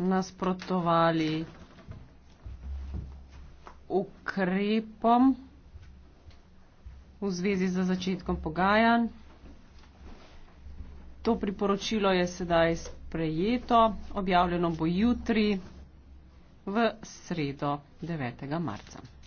nasprotovali ukrepom v zvezi za začetkom pogajanj. To priporočilo je sedaj sprejeto, objavljeno bo jutri v sredo 9. marca.